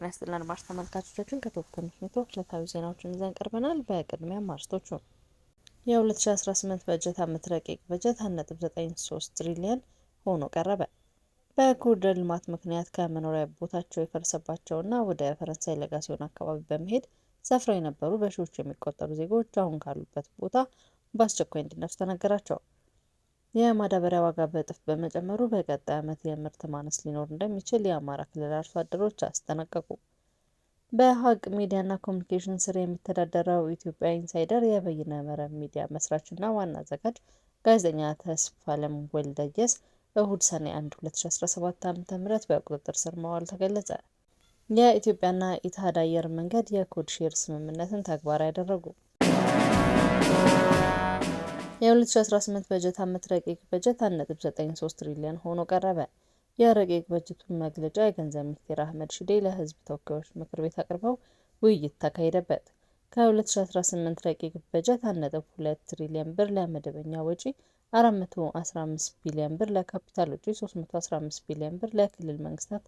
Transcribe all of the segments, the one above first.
ጤና ይስጥልን አድማጭ ተመልካቾቻችን ከተወከሉት ኔትወርክ ዕለታዊ ዜናዎችን ይዘን ቀርበናል። በቅድሚያ ማርስቶቹ የ2018 በጀት ዓመት ረቂቅ በጀት 1.93 ትሪሊየን ሆኖ ቀረበ። በኮሪደር ልማት ምክንያት ከመኖሪያ ቦታቸው የፈረሰባቸውና ወደ ፈረንሳይ ለጋሲዮን አካባቢ በመሄድ ሰፍረው የነበሩ በሺዎች የሚቆጠሩ ዜጎች አሁን ካሉበት ቦታ በአስቸኳይ እንዲነሱ ተነገራቸው። የማዳበሪያ ዋጋ በእጥፍ በመጨመሩ በቀጣይ ዓመት የምርት ማነስ ሊኖር እንደሚችል የአማራ ክልል አርሶ አደሮች አስጠነቀቁ። በሀቅ ሚዲያና ኮሚኒኬሽን ስር የሚተዳደረው ኢትዮጵያ ኢንሳይደር የበይነ መረብ ሚዲያ መስራችና ዋና አዘጋጅ ጋዜጠኛ ተስፋለም ወልደየስ እሁድ ሰኔ 1 2017 ዓ.ም በቁጥጥር ስር መዋል ተገለጸ። የኢትዮጵያና ኢትሃድ አየር መንገድ የኮድ ሼር ስምምነትን ተግባራዊ ያደረጉ የ2018 በጀት ዓመት ረቂቅ በጀት 1.93 ትሪሊዮን ሆኖ ቀረበ። የረቂቅ በጀቱን መግለጫ የገንዘብ ሚኒስትር አህመድ ሽዴ ለሕዝብ ተወካዮች ምክር ቤት አቅርበው ውይይት ተካሄደበት። ከ2018 ረቂቅ በጀት 1.2 ትሪሊዮን ብር ለመደበኛ ወጪ፣ 415 ቢሊዮን ብር ለካፒታል ወጪ፣ 315 ቢሊዮን ብር ለክልል መንግስታት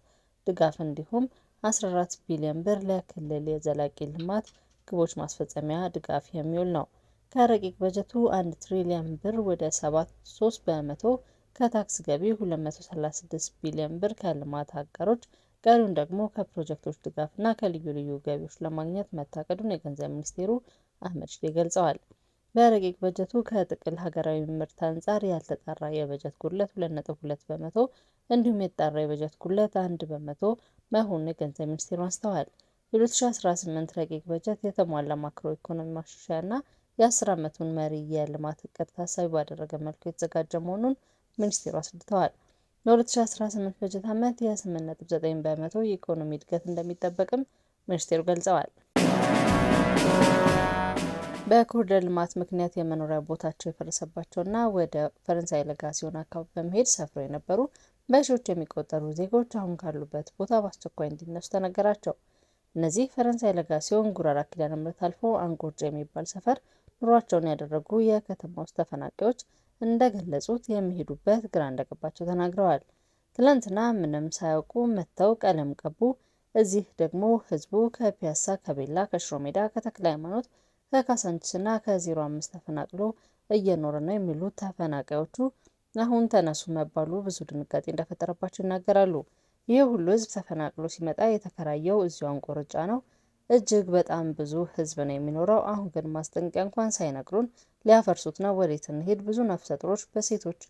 ድጋፍ እንዲሁም 14 ቢሊዮን ብር ለክልል የዘላቂ ልማት ግቦች ማስፈጸሚያ ድጋፍ የሚውል ነው። ከረቂቅ በጀቱ 1 ትሪሊዮን ብር ወደ 73 በመቶ ከታክስ ገቢ 236 ቢሊዮን ብር ከልማት አጋሮች ቀሪውን ደግሞ ከፕሮጀክቶች ድጋፍና ከልዩ ልዩ ገቢዎች ለማግኘት መታቀዱን የገንዘብ ሚኒስቴሩ አህመድ ሽዴ ገልጸዋል። በረቂቅ በጀቱ ከጥቅል ሀገራዊ ምርት አንጻር ያልተጣራ የበጀት ጉድለት 2.2 በመቶ እንዲሁም የተጣራ የበጀት ጉድለት 1 በመቶ መሆኑን የገንዘብ ሚኒስቴሩ አስተዋል የ የ2018 ረቂቅ በጀት የተሟላ ማክሮ ኢኮኖሚ ማሻሻያና የአስር ዓመቱን መሪ የልማት እቅድ ታሳቢ ባደረገ መልኩ የተዘጋጀ መሆኑን ሚኒስቴሩ አስረድተዋል በ ለ2018 በጀት ዓመት የ8.9 በመቶ የኢኮኖሚ እድገት እንደሚጠበቅም ሚኒስቴሩ ገልጸዋል። በኮሪደር ልማት ምክንያት የመኖሪያ ቦታቸው የፈረሰባቸውና ወደ ፈረንሳይ ለጋሲዮን አካባቢ በመሄድ ሰፍረው የነበሩ በሺዎች የሚቆጠሩ ዜጎች አሁን ካሉበት ቦታ በአስቸኳይ እንዲነሱ ተነገራቸው። እነዚህ ፈረንሳይ ለጋሲዮን ጉራራ ኪዳነ ምሕረት አልፎ አንጎርጃ የሚባል ሰፈር ኑሯቸውን ያደረጉ የከተማ ውስጥ ተፈናቃዮች እንደገለጹት የሚሄዱበት ግራ እንደገባቸው ተናግረዋል። ትላንትና ምንም ሳያውቁ መጥተው ቀለም ቀቡ። እዚህ ደግሞ ህዝቡ ከፒያሳ፣ ከቤላ፣ ከሽሮ ሜዳ፣ ከተክለ ሃይማኖት፣ ከካሳንችስና ከዜሮ አምስት ተፈናቅሎ እየኖረ ነው የሚሉት ተፈናቃዮቹ አሁን ተነሱ መባሉ ብዙ ድንጋጤ እንደፈጠረባቸው ይናገራሉ። ይህ ሁሉ ህዝብ ተፈናቅሎ ሲመጣ የተከራየው እዚሁ አንቆርጫ ነው። እጅግ በጣም ብዙ ህዝብ ነው የሚኖረው። አሁን ግን ማስጠንቀቂያ እንኳን ሳይነግሩን ሊያፈርሱት ነው። ወዴት እንሄድ? ብዙ ነፍሰ ጥሮች በሴቶች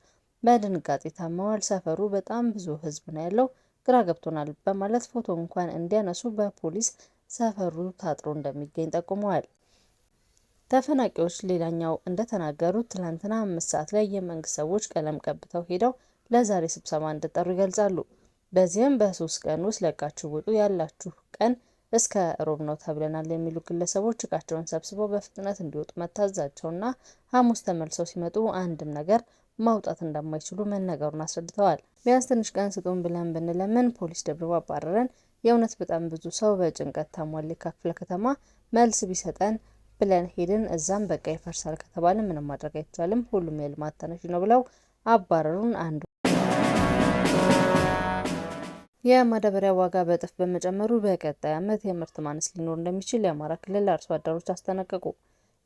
በድንጋጤ ታመዋል። ሰፈሩ በጣም ብዙ ህዝብ ነው ያለው። ግራ ገብቶናል በማለት ፎቶ እንኳን እንዲያነሱ በፖሊስ ሰፈሩ ታጥሮ እንደሚገኝ ጠቁመዋል። ተፈናቂዎች ሌላኛው እንደተናገሩት ትላንትና አምስት ሰዓት ላይ የመንግስት ሰዎች ቀለም ቀብተው ሄደው ለዛሬ ስብሰባ እንደጠሩ ይገልጻሉ። በዚህም በሶስት ቀን ውስጥ ለቃችሁ ውጡ ያላችሁ ቀን እስከ ሮብ ነው ተብለናል የሚሉ ግለሰቦች እቃቸውን ሰብስበው በፍጥነት እንዲወጡ መታዘዛቸውና ሐሙስ ተመልሰው ሲመጡ አንድም ነገር ማውጣት እንደማይችሉ መነገሩን አስረድተዋል። ቢያንስ ትንሽ ቀን ስጡን ብለን ብንለምን ፖሊስ ደብድቦ አባረረን፣ የእውነት በጣም ብዙ ሰው በጭንቀት ታሟል፣ ክፍለ ከተማ መልስ ቢሰጠን ብለን ሄድን፣ እዛም በቃ ይፈርሳል ከተባለ ምንም ማድረግ አይቻልም፣ ሁሉም የልማት ተነሽ ነው ብለው አባረሩን። አንዱ የማዳበሪያ ዋጋ በእጥፍ በመጨመሩ በቀጣይ ዓመት የምርት ማነስ ሊኖር እንደሚችል የአማራ ክልል አርሶ አደሮች አስጠነቀቁ።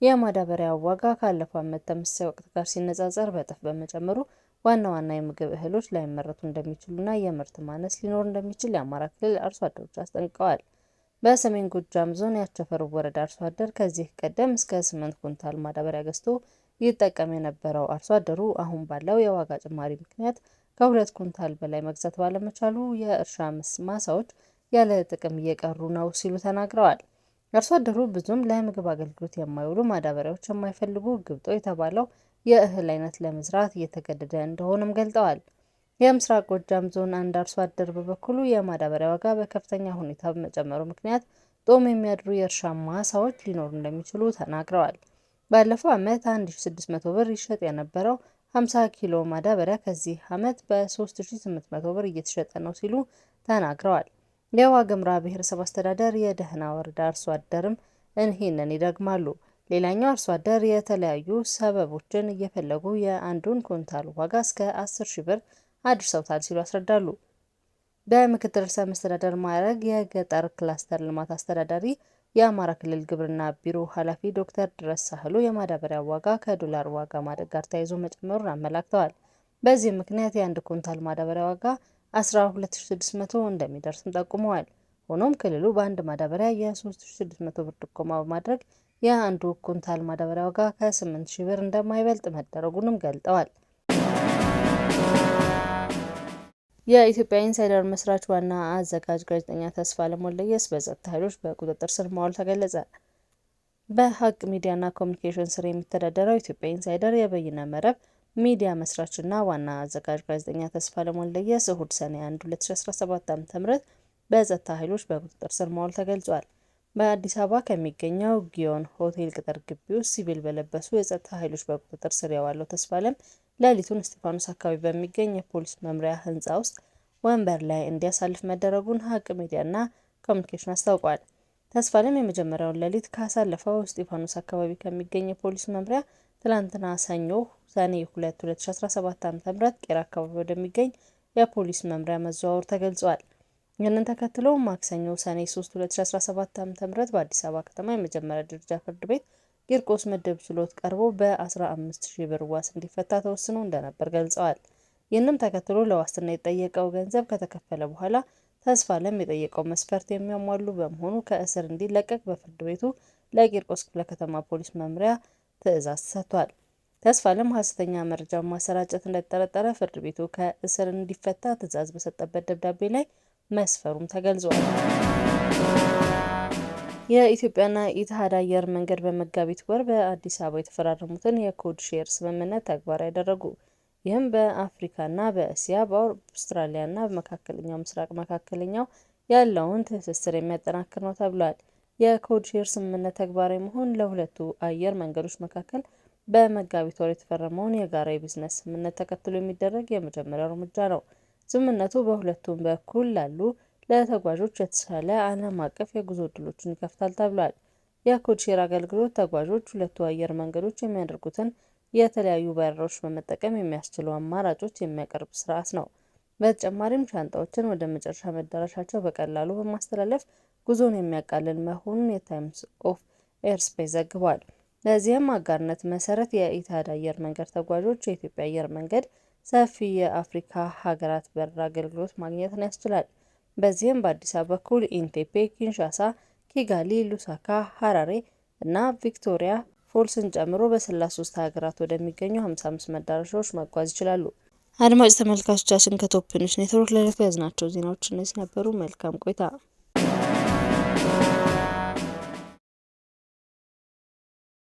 የማዳበሪያ ዋጋ ካለፈው ዓመት ተመሳሳይ ወቅት ጋር ሲነጻጸር በእጥፍ በመጨመሩ ዋና ዋና የምግብ እህሎች ላይመረቱ እንደሚችሉና የምርት ማነስ ሊኖር እንደሚችል የአማራ ክልል አርሶ አደሮች አስጠንቅቀዋል። በሰሜን ጎጃም ዞን ያቸፈሩ ወረዳ አርሶ አደር ከዚህ ቀደም እስከ ስምንት ኩንታል ማዳበሪያ ገዝቶ ይጠቀም የነበረው አርሶ አደሩ አሁን ባለው የዋጋ ጭማሪ ምክንያት ከሁለት ኩንታል በላይ መግዛት ባለመቻሉ የእርሻ ማሳዎች ያለ ጥቅም እየቀሩ ነው ሲሉ ተናግረዋል። አርሶ አደሩ ብዙም ለምግብ አገልግሎት የማይውሉ ማዳበሪያዎች የማይፈልጉ ግብጦ የተባለው የእህል አይነት ለመዝራት እየተገደደ እንደሆነም ገልጠዋል። የምስራቅ ጎጃም ዞን አንድ አርሶ አደር በበኩሉ የማዳበሪያ ዋጋ በከፍተኛ ሁኔታ በመጨመሩ ምክንያት ጦም የሚያድሩ የእርሻ ማሳዎች ሊኖሩ እንደሚችሉ ተናግረዋል። ባለፈው ዓመት 1600 ብር ይሸጥ የነበረው 50 ኪሎ ማዳበሪያ ከዚህ ዓመት በ3800 ብር እየተሸጠ ነው ሲሉ ተናግረዋል። የዋግምራ ብሔረሰብ አስተዳደር የደህና ወረዳ አርሶ አደርም እንሄንን ይደግማሉ። ሌላኛው አርሶ አደር የተለያዩ ሰበቦችን እየፈለጉ የአንዱን ኩንታል ዋጋ እስከ 10 ሺ ብር አድርሰውታል ሲሉ ያስረዳሉ። በምክትል ርዕሰ መስተዳደር ማዕረግ የገጠር ክላስተር ልማት አስተዳዳሪ የአማራ ክልል ግብርና ቢሮ ኃላፊ ዶክተር ድረስ ሳህሉ የማዳበሪያ ዋጋ ከዶላር ዋጋ ማደግ ጋር ተያይዞ መጨመሩን አመላክተዋል። በዚህ ምክንያት የአንድ ኩንታል ማዳበሪያ ዋጋ 12600 እንደሚደርስም ጠቁመዋል። ሆኖም ክልሉ በአንድ ማዳበሪያ የ3600 ብር ድጎማ በማድረግ የአንዱ ኩንታል ማዳበሪያ ዋጋ ከ8000 ብር እንደማይበልጥ መደረጉንም ገልጠዋል። የኢትዮጵያ ኢንሳይደር መስራች ዋና አዘጋጅ ጋዜጠኛ ተስፋለም ወልደየስ በጸጥታ ኃይሎች በቁጥጥር ስር መዋሉ ተገለጸ። በሀቅ ሚዲያና ኮሚኒኬሽን ስር የሚተዳደረው ኢትዮጵያ ኢንሳይደር የበይነ መረብ ሚዲያ መስራችና ዋና አዘጋጅ ጋዜጠኛ ተስፋለም ወልደየስ እሁድ ሰኔ 1 2017 ዓ.ም በጸጥታ ኃይሎች በቁጥጥር ስር መዋሉ ተገልጿል። በአዲስ አበባ ከሚገኘው ጊዮን ሆቴል ቅጥር ግቢ ውስጥ ሲቪል በለበሱ የጸጥታ ኃይሎች በቁጥጥር ስር የዋለው ተስፋለም ሌሊቱን እስጢፋኖስ አካባቢ በሚገኝ የፖሊስ መምሪያ ህንፃ ውስጥ ወንበር ላይ እንዲያሳልፍ መደረጉን ሀቅ ሚዲያና ኮሚኒኬሽን አስታውቋል። ተስፋለም የመጀመሪያውን ሌሊት ካሳለፈው እስጢፋኖስ አካባቢ ከሚገኝ የፖሊስ መምሪያ ትላንትና ሰኞ ሰኔ 2 2017 ዓ.ም ቄራ አካባቢ ወደሚገኝ የፖሊስ መምሪያ መዘዋወሩ ተገልጿል። ይህንን ተከትሎ ማክሰኞ ሰኔ 3 2017 ዓ.ም በአዲስ አበባ ከተማ የመጀመሪያ ደረጃ ፍርድ ቤት ቂርቆስ ምድብ ችሎት ቀርቦ በ15 ሺህ ብር ዋስ እንዲፈታ ተወስኖ እንደነበር ገልጸዋል። ይህንም ተከትሎ ለዋስትና የጠየቀው ገንዘብ ከተከፈለ በኋላ ተስፋለም የጠየቀው መስፈርት የሚያሟሉ በመሆኑ ከእስር እንዲለቀቅ በፍርድ ቤቱ ለቂርቆስ ክፍለ ከተማ ፖሊስ መምሪያ ትዕዛዝ ሰጥቷል። ለም ሐሰተኛ መረጃ ማሰራጨት እንደተጠረጠረ ፍርድ ቤቱ ከእስር እንዲፈታ ትዕዛዝ በሰጠበት ደብዳቤ ላይ መስፈሩም ተገልጿል። የኢትዮጵያና ኢትሃድ አየር መንገድ በመጋቢት ወር በአዲስ አበባ የተፈራረሙትን የኮድ ሼር ስምምነት ተግባራዊ ያደረጉ። ይህም በአፍሪካና በእስያ በአውስትራሊያና በመካከለኛው ምስራቅ መካከለኛው ያለውን ትስስር የሚያጠናክር ነው ተብሏል። የኮድ ሼር ስምምነት ተግባራዊ መሆን ለሁለቱ አየር መንገዶች መካከል በመጋቢት ወር የተፈረመውን የጋራ የቢዝነስ ስምምነት ተከትሎ የሚደረግ የመጀመሪያው እርምጃ ነው። ስምምነቱ በሁለቱም በኩል ላሉ ለተጓዦች የተሻለ ዓለም አቀፍ የጉዞ እድሎችን ይከፍታል ተብሏል። የኮድሼር አገልግሎት ተጓዦች ሁለቱ አየር መንገዶች የሚያደርጉትን የተለያዩ በረራዎች በመጠቀም የሚያስችሉ አማራጮች የሚያቀርብ ስርዓት ነው። በተጨማሪም ሻንጣዎችን ወደ መጨረሻ መዳረሻቸው በቀላሉ በማስተላለፍ ጉዞን የሚያቃልል መሆኑን የታይምስ ኦፍ ኤርስፔስ ዘግቧል። ለዚህም አጋርነት መሰረት የኢትሃድ አየር መንገድ ተጓዦች የኢትዮጵያ አየር መንገድ ሰፊ የአፍሪካ ሀገራት በረራ አገልግሎት ማግኘትን ያስችላል። በዚህም በአዲስ አበባ በኩል ኢንቴፔ፣ ኪንሻሳ፣ ኪጋሊ፣ ሉሳካ፣ ሀራሬ እና ቪክቶሪያ ፎልስን ጨምሮ በ33 ሀገራት ወደሚገኙ 55 መዳረሻዎች መጓዝ ይችላሉ። አድማጭ ተመልካቾቻችን ከቶፕ ኔትወርክ ለለፈ ያዝናቸው ዜናዎች እነዚህ ነበሩ። መልካም ቆይታ